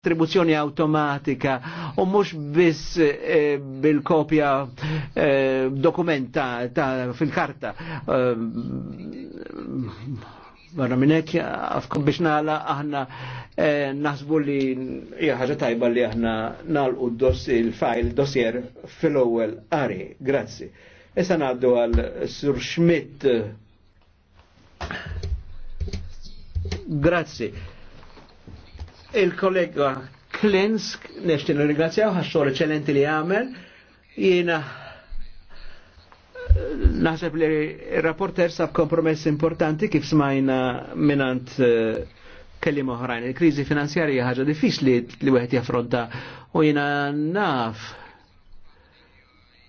distribuzzjoni automatika u mhux biss e, bil-kopja e, eh, dokumenta fil-karta. Eh, barra e, minnek, għafkom biex nala, aħna nasbu li ħaġa tajba li aħna nalqu il-fajl dossier fil ewel għari. Grazzi. Issa ngħaddu għal Sur Schmidt. Grazzi il-kollega Klinsk, nishtin ringrazzjaw ħaxxol eccellenti li għamel, jena naħseb li rapporter sab kompromess importanti kif smajna minant eh, kellim oħrajn. Il-krizi finanzjarja ħaġa diffiċli li wieħed jaffronta u jiena naf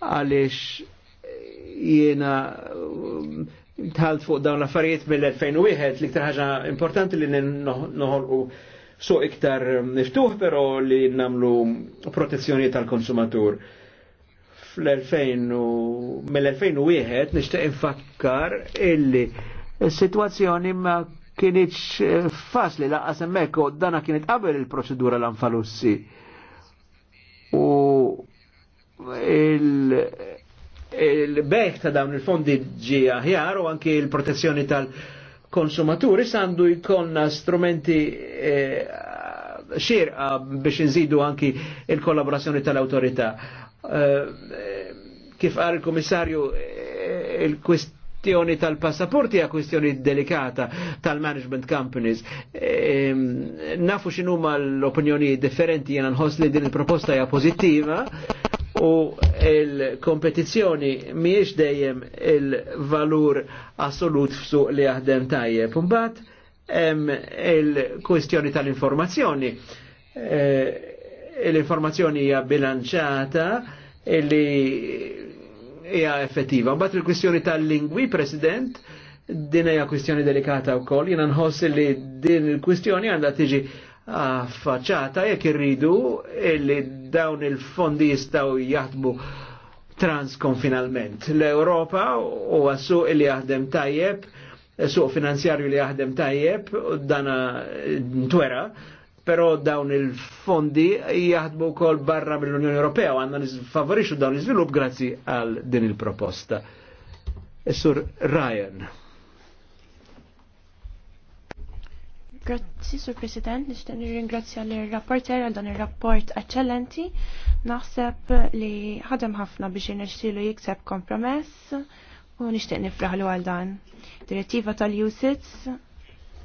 għaliex jiena eh, tħalt fuq dawn l-affarijiet mill-2001 li ktar ħaġa importanti li noħolqu so iktar miftuħ però li namlu protezzjoni tal-konsumatur. Fl-2000 mill-2001 nixtieq infakkar illi s-sitwazzjoni ma kienieċ eh, faċli laqas hemmhekk u dana kienet qabel il-proċedura l-anfalussi. U il-beħ ta' dawn il-fondi ġi aħjar u anki il-protezzjoni tal- konsumaturi sandu jkollna strumenti eh, xirqa biex nżidu anki il-kollaborazzjoni tal-autorità. Eh, kif għar il-komissarju eh, il kwestjoni tal-passaporti hija kwestjoni delikata tal-management companies. nafu x'inhuma l-opinjoni differenti jiena nħoss li din il-proposta hija pozittiva u il-kompetizjoni miex dejjem il-valur assolut f'suq li jaħdem tajjeb. Mbagħad hemm il-kwistjoni tal-informazzjoni. Eh, l-informazzjoni hija bilanċata li hija effettiva. Mbagħad il-kwistjoni tal-lingwi, President, din hija kwistjoni delikata wkoll. Jiena nħoss li din il-kwistjoni għandha tiġi affaċċata jekk irridu illi dawn il-fondi jistgħu jaħdmu transkonfinalment. L-Europa u għassu il-li jaħdem tajjeb, suq finanzjarju li jaħdem tajjeb, dana ntwera, pero dawn il-fondi jaħdmu kol barra mill-Unjoni Ewropea u għanna nisfavorixu dawn l-izvilup grazzi għal din il-proposta. Sur Ryan. Grazzi, Sur President, nishtiq nirringrazzja l rapporter għal dan ir-rapport eċċellenti. Naħseb li ħadem ħafna biex inexxielu jikseb kompromess u nixtieq nifraħlu għal dan. Direttiva tal-USITS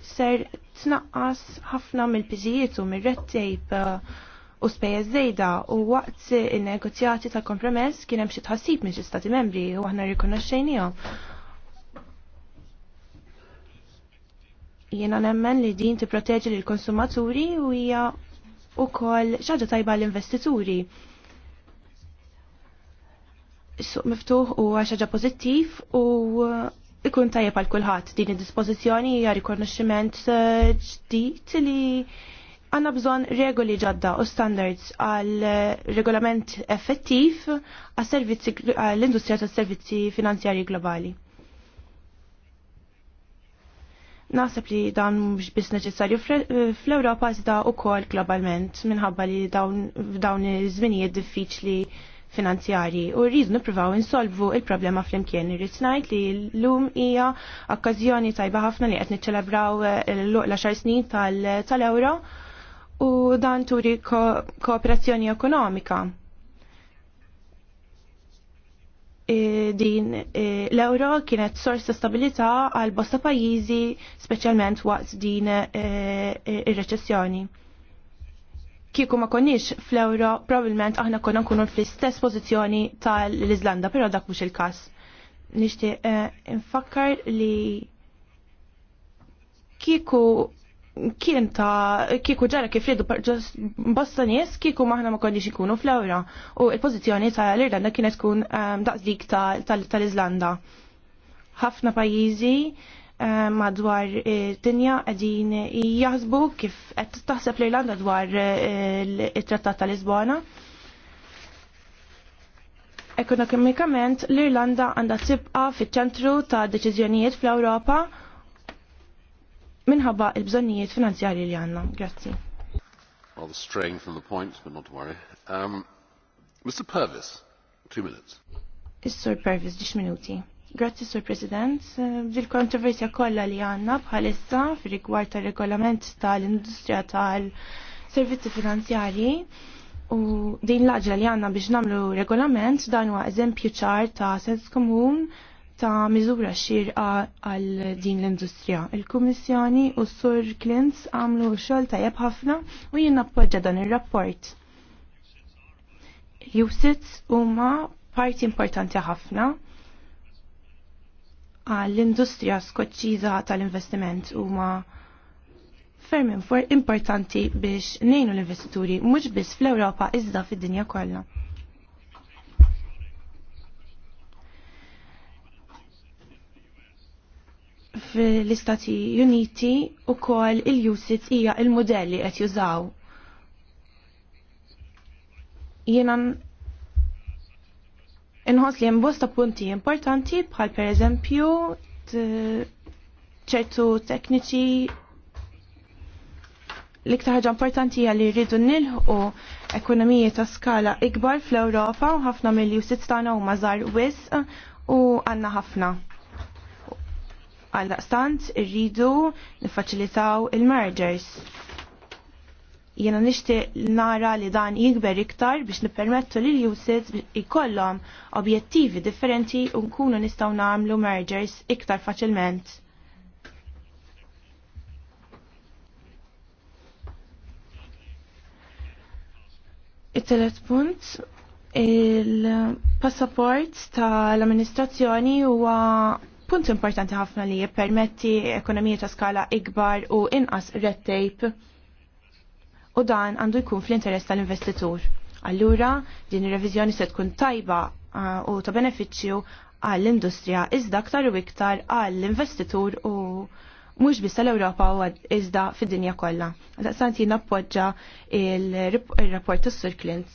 ser tnaqqas ħafna mill-piżijiet u mir-red tape uh, u spejjeż żejda u waqt in-negozjati tal-kompromess kien hemm xi tħassib minn xi stati membri u aħna rikonoxxejnihom Jiena nemmen li din li lill konsumaturi u hija wkoll xaġa tajba l-investituri. Suq miftuħ u xaġa pożittiv u ikun tajjeb għal kulħadd din id-dispożizzjoni hija rikonoxximent eh, ġdid li għanna bżon regoli ġodda u standards għal eh, regolament effettiv għal-industrija tas servizzi finanzjari globali. Naħseb li dan mhux biss neċessarju fl-Ewropa iżda wkoll globalment minħabba li dawn iż-żminijiet diffiċli finanzjarji u rridu nippruvaw insolvu il-problema flimkien. Irrid ngħid li llum hija okkażjoni tajba ħafna li qed niċċelebraw eh, l xar snin tal-ewro u dan turi kooperazzjoni ekonomika Eh, din eh, l-euro kienet sors stabilita stabilità għal bosta pajjiżi speċjalment waqt din eh, ir-reċessjoni. Kieku ma konniex fl-euro, probabbilment aħna konna nkunu fl-istess pożizzjoni tal-Iżlanda, però dak mhux il-każ. Nixtieq infakkar li kieku kien ta' kiku ġara kif ridu bosta nies kiku maħna ma konniex ikunu fl-ewra u il-pozizjoni ta' l-Irlanda kienet tkun ehm, daqsdik tal-Izlanda. Ħafna pajjiżi ehm, madwar eh, dinja qegħdin jaħsbu kif qed taħseb l-Irlanda dwar eh, it-Trattat tal-Lisbona. Ekonomikament l-Irlanda għandha tibqa' fiċ-ċentru ta' deċiżjonijiet fl-Ewropa minħabba il-bżonnijiet finanzjarji li għanna. Grazzi. Rather straying from the point, but not to worry. Um, Mr. Purvis, two minutes. Is-Sur Purvis, dix minuti. Grazzi, Sur President. Dil kontroversja kollha li għanna bħalissa fir rigward tal-regolament tal-industrija tal-servizzi finanzjari u din l ħagġa li għanna biex namlu regolament dan huwa eżempju ċar ta' sens komun ta' miżura xirqa għal din l-industrija. Il-Kummissjoni u s-Sur Klintz għamlu xogħol tajjeb ħafna u jien appoġġa dan ir-rapport. Usits huma parti importanti ħafna għall-industrija skoċċiża tal-investiment huma ferm importanti biex nejnu l-investituri mhux biss fl-Ewropa iżda fid-dinja kollha. fl-Istati Uniti u kol il-usage hija il-modelli qed jużaw. Jiena inħoss li bosta punti importanti bħal per eżempju ċertu tekniċi l-iktar ħaġa importanti hija li rridu nilħu ekonomiji ta' skala ikbar fl-Ewropa u ħafna mill-jusit tagħna huma żgħar wisq u għandna ħafna. Għal daqstant irridu nifaċilitaw il-mergers. Jena nishti nara li dan jikber iktar biex nipermettu li l-usage ikollom objettivi differenti u nkunu nistaw namlu mergers iktar faċilment. it-telet punt il-passaport tal-amministrazzjoni huwa Punt importanti ħafna li jippermetti ekonomija ta' skala ikbar u inqas red tape u dan għandu jkun fl-interess tal-investitur. Allura, din ir-reviżjoni se tkun tajba uh, u ta' benefiċċju għall-industrija iżda aktar u iktar għall-investitur u mhux biss tal-Ewropa u iżda fid-dinja kollha. Daqsant jien appoġġa il-rapport tas Sur Clint.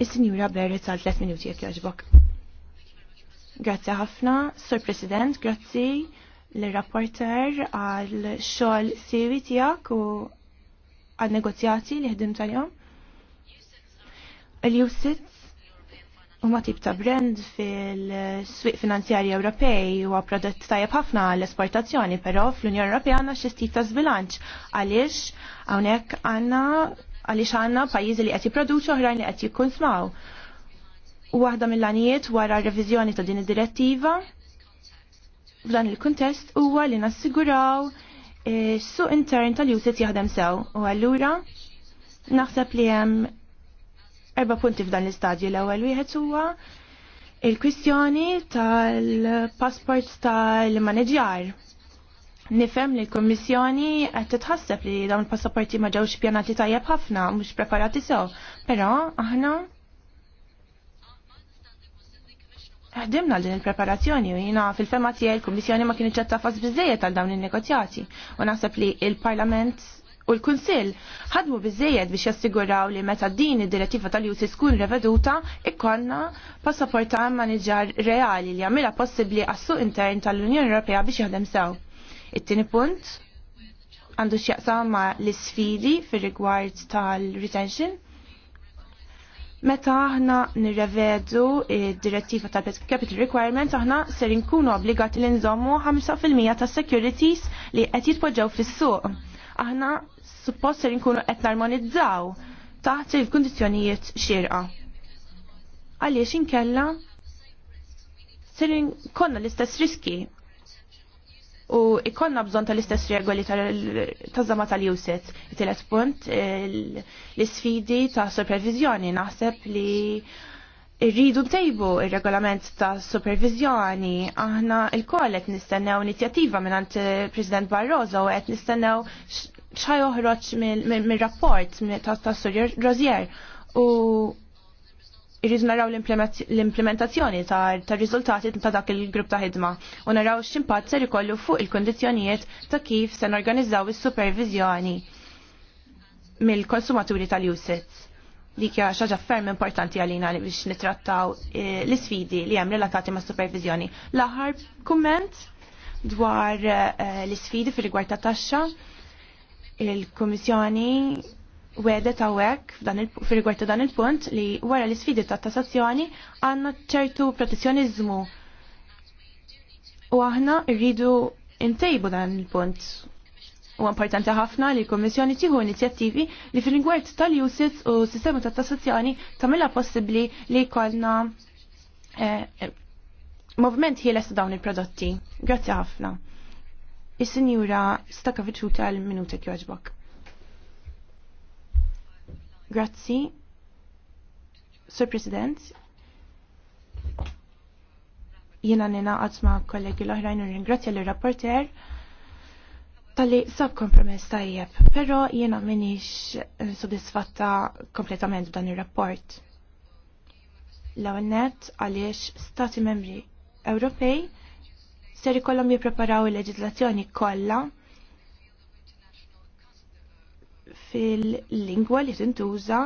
Is-Sinjura Berri tal 3 minuti jekk jogħġbok. Grazzi ħafna, Sur President, grazzi l-rapporter għal xogħol siwi tiegħek u għal negozjati li ħdim tal-jom. Il-Usits huma tip ta' brand fil-swieq finanzjarji Ewropej huwa prodott tajjeb ħafna l-esportazzjoni, però fl-Unjoni Ewropea għandna xi ta' żbilanċ għaliex hawnhekk għandna għaliex għandna pajjiżi li qed jipproduċu oħrajn li qed jikkonsmaw waħda mill-għanijiet wara r-reviżjoni ta' din id-direttiva f'dan il-kuntest huwa li nassiguraw eh, suq intern tal-jusit jaħdem sew u allura naħseb li hemm erba punti f'dan l-istadju l-ewwel wieħed huwa il-kwistjoni tal-passport tal-maneġjar. Nifhem li l-Kummissjoni qed titħasseb li dawn il-passaporti ma ġewx pjanati tajjeb ħafna mhux preparati sew, però aħna ħdimna din il-preparazzjoni u jina fil-fema tiegħi l-Kummissjoni ma kienu ċetta faż biżejjed għal dawn in-negozjati u naħseb li il-Parlament u l-Kunsill ħadmu biżejjed biex jassiguraw li meta din id-direttiva tal jusis kun reveduta ikkonna passaport ta' maniġar reali li jagħmilha possibbli għas-suq intern tal-Unjoni Ewropea biex jaħdem sew. It-tieni punt għandu x'jaqsam ma' l-isfidi fir-rigward tal-retention Meta aħna nirrevedu id-direttiva tal capital requirements, aħna ser inkunu obbligati li nżommu 5% ta' securities li qed jitpoġġew fis-suq. Aħna suppost ser inkunu qed narmonizzaw taħt il-kundizzjonijiet xirqa. Għaliex inkella ser konna l-istess riski u ikonna bżon tal-istess regoli tal-żama tal it Tilet punt, l-sfidi ta' supervizjoni naħseb li Irridu ntejbu il-regolament ta' supervizjoni, aħna il-koll qed nistennew inizjattiva minn President Barroso u qed nistennew xaj oħroġ mir-rapport ta' Sur Rozier u irridu naraw l-implementazzjoni ta' riżultati ta' dak il-grupp ta' ħidma u naraw x'impatt ser ikollu fuq il-kondizzjonijiet ta' kif se norganizzaw is-supervizjoni mill-konsumaturi tal-usits. Dik hija xaġa ferm importanti għalina li biex nitrattaw eh, l-isfidi li hemm relatati ma' supervizjoni. L-aħħar kumment dwar eh, l-isfidi fir rigward ta' taxxa il-Kummissjoni wedet għawek fil-rigward ta' dan il-punt li wara l-sfidi ta' tassazzjoni għanna ċertu protezzjonizmu. U aħna rridu intejbu dan il-punt. U importanti ħafna li l-Kommissjoni tieħu inizjattivi li fil-rigward tal-usits u sistema ta' tassazzjoni tamilla possibbli li kollna eh, movement ħieles dawn il-prodotti. Grazzi ħafna. Is-Sinjura Stakaviċu tal-minutek joġbok. Grazzi. Sir President, jena nina għazma kollegi l-oħrajn u ringrazzja l-rapporter tal-li sab kompromess tajjeb, pero jena minix eh, soddisfatta kompletament dan il-rapport. L-għonnet għaliex stati membri Ewropej ser kollom jippreparaw il-leġislazzjoni kollha fil-lingwa li tintuża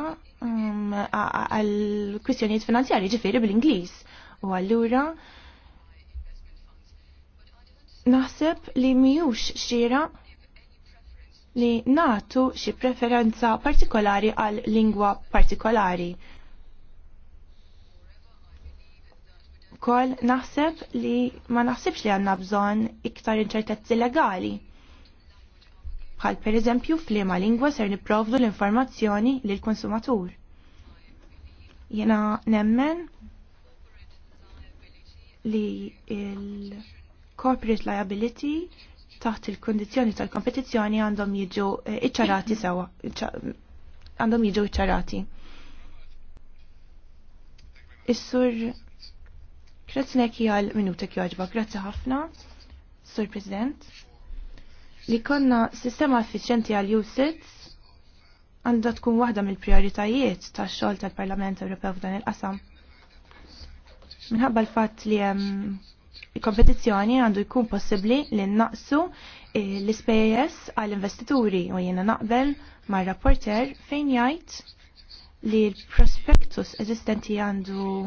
um, għal-kwistjonijiet finanzjarji ġifieri bil ingliż U allura naħseb li mhijux xira li natu xi preferenza partikolari għal lingwa partikolari. Kol naħseb li ma naħsibx li għanna bżon iktar inċertezzi legali bħal per eżempju f'liema lingwa ser niprovdu l-informazzjoni l konsumatur. Jena nemmen li il-corporate liability taħt il-kondizjoni tal-kompetizzjoni għandhom jiġu eh, iċċarati sewa, għandhom jiġu iċċarati. Is-sur Kretznek jgħal minutek jgħagħba, grazzi ħafna, sur President li konna sistema effiċenti għal usits għandha tkun waħda mill-prioritajiet tax-xogħol tal-Parlament Ewropew f'dan il-qasam. Minħabba l-fatt li hemm kompetizzjoni għandu jkun possibbli li naqsu eh, l-ispejjeż għall-investituri u jiena naqbel mar rapporter fejn jgħid li l-prospektus eżistenti għandu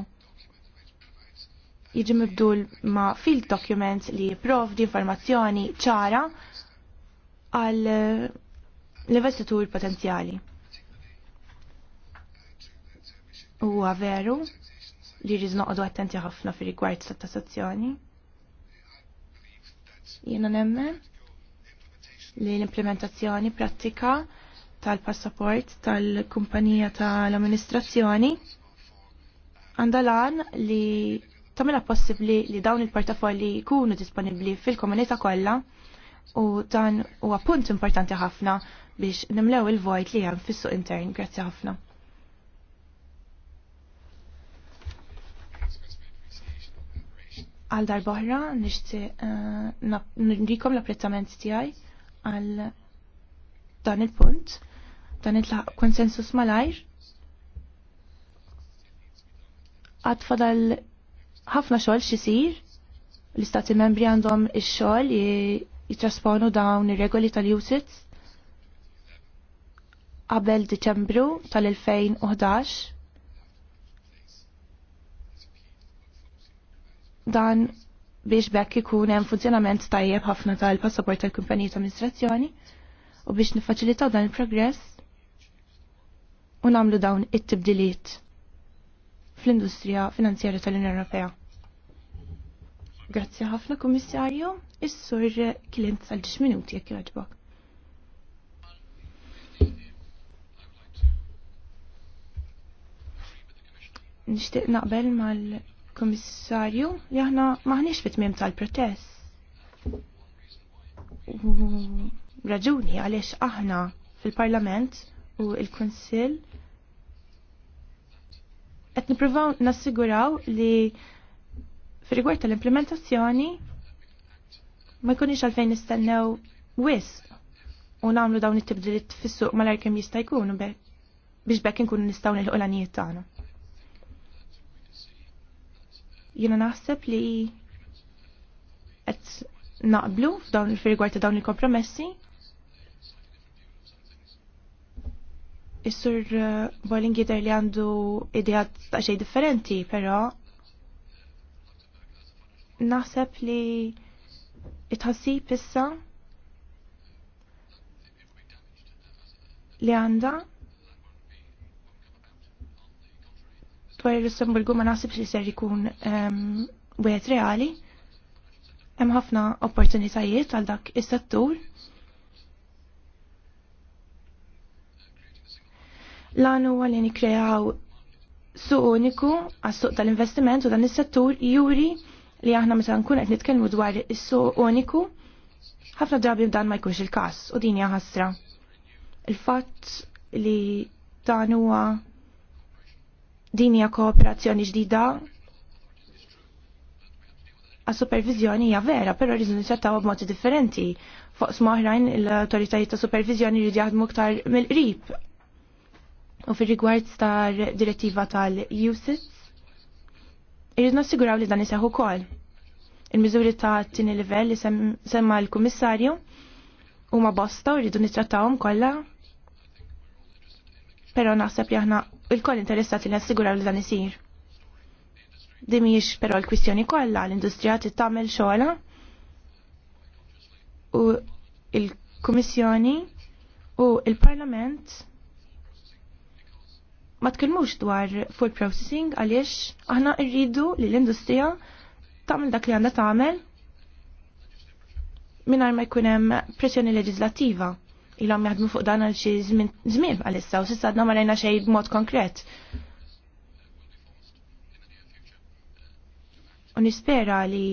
jiġi mibdul ma' field document li jipprovdi informazzjoni ċara għal eh, l-investitur potenzjali. Huwa veru li rriż noqogħdu attenti ħafna fir-rigward ta' tassazzjoni. Jiena nemmen li l-implementazzjoni prattika tal-passaport tal-kumpanija tal-amministrazzjoni għandha lan li tamela possibbli li dawn il-portafolli jkunu disponibbli fil-komunità kollha u dan huwa punt importanti ħafna biex nimlew il-vojt li hemm fis-suq intern. Grazzi ħafna. Għal darboħra nixti eh, nrikom l-apprezzament tiegħi għal dan il-punt, dan il-laħ konsensus malajr. Għad fadal ħafna xogħol xisir, l-istati membri għandhom ix-xogħol jitrasponu dawn ir-regoli tal usage qabel Diċembru tal-2011 dan biex bekk ikun hemm funzjonament tajjeb ħafna tal-passaport tal-kumpaniji ta' amministrazzjoni u biex nifaċilitaw dan il-progress u nagħmlu dawn it-tibdiliet fl-industrija finanzjarja tal-Unjoni Ewropea. Grazzi ħafna komissarju. is-sur klient għal minuti jekk jogħġbok. Nixtieq naqbel mal-Kummissarju li aħna maħniex fit-tmiem tal-protest. Raġuni għaliex aħna fil-Parlament u l-Kunsill qed nippruvaw nassiguraw li Fir-rigward tal-implementazzjoni ma jkunix għalfejn nistennew wis u nagħmlu dawn it-tibdilit fis-suq malar kemm jista' jkun biex bekk inkunu nistgħu nilħu l-għanijiet tagħna. Jiena naħseb li qed naqblu f'dawn il ta' dawn il-kompromessi Is-sur eh, Bolling jidher li għandu ideat ta' xejn differenti, però naħseb li itħassib issa li għanda dwar il-Lussemburgu ma naħseb li ser ikun wieħed reali. Hemm ħafna opportunitajiet għal dak is-settur. L-għanu li nikkreaw suq uniku għas-suq tal-investiment u dan is-settur juri li aħna meta nkun qed nitkellmu dwar is-suq uniku, ħafna drabi dan ma jkunx il-każ u din hija ħasra. Il-fatt li dan huwa din hija kooperazzjoni ġdida għas supervizjoni hija vera, però rridu nitrattaw b'mod differenti. Fuq smaħrajn l-autoritajiet ta' supervizjoni jridu jaħdmu ktar mill-qrib. U fir rigward star direttiva tal-USIT, Irrid nassiguraw li dan iseħħu kol. Il-miżuri ta' tieni livell li semma l-Kummissarju huma bosta u rridu nittrattawhom kollha. Però naħseb li aħna il-kol interessati li nassiguraw li dan isir. Din mhijiex però l-kwistjoni kollha l-industrija trid tagħmel xogħla u il-Kummissjoni u il-Parlament il kummissjoni u l parlament ma tkilmux dwar food processing għaliex aħna rridu li l-industrija tagħmel dak li għandha tagħmel mingħajr ma jkun hemm pressjoni leġislattiva ilhom jaħdmu fuq dan għal xi żmien għalissa u s'issa għadna ma rajna xejn b'mod konkret. U nispera li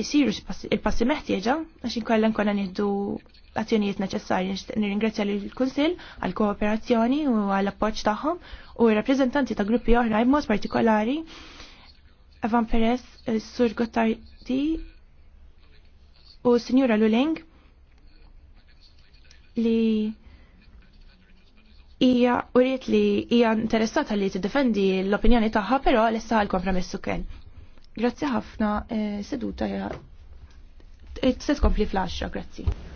jisiru eh, il-passi meħtieġa għax inkella konna nieħdu azzjonijiet neċessarji. Nirringrazzja l-Kunsil għal-kooperazzjoni u għall-appoġġ tagħhom u r-rappreżentanti ta' gruppi oħra b'mod partikolari Evan Perez, Sur Gottardi u Signora Luling li hija uriet li hija interessata li tiddefendi l-opinjoni tagħha però lesta għall-kompromessu kien. Grazzi ħafna, seduta ja. Se tkompli fl-10, grazzi.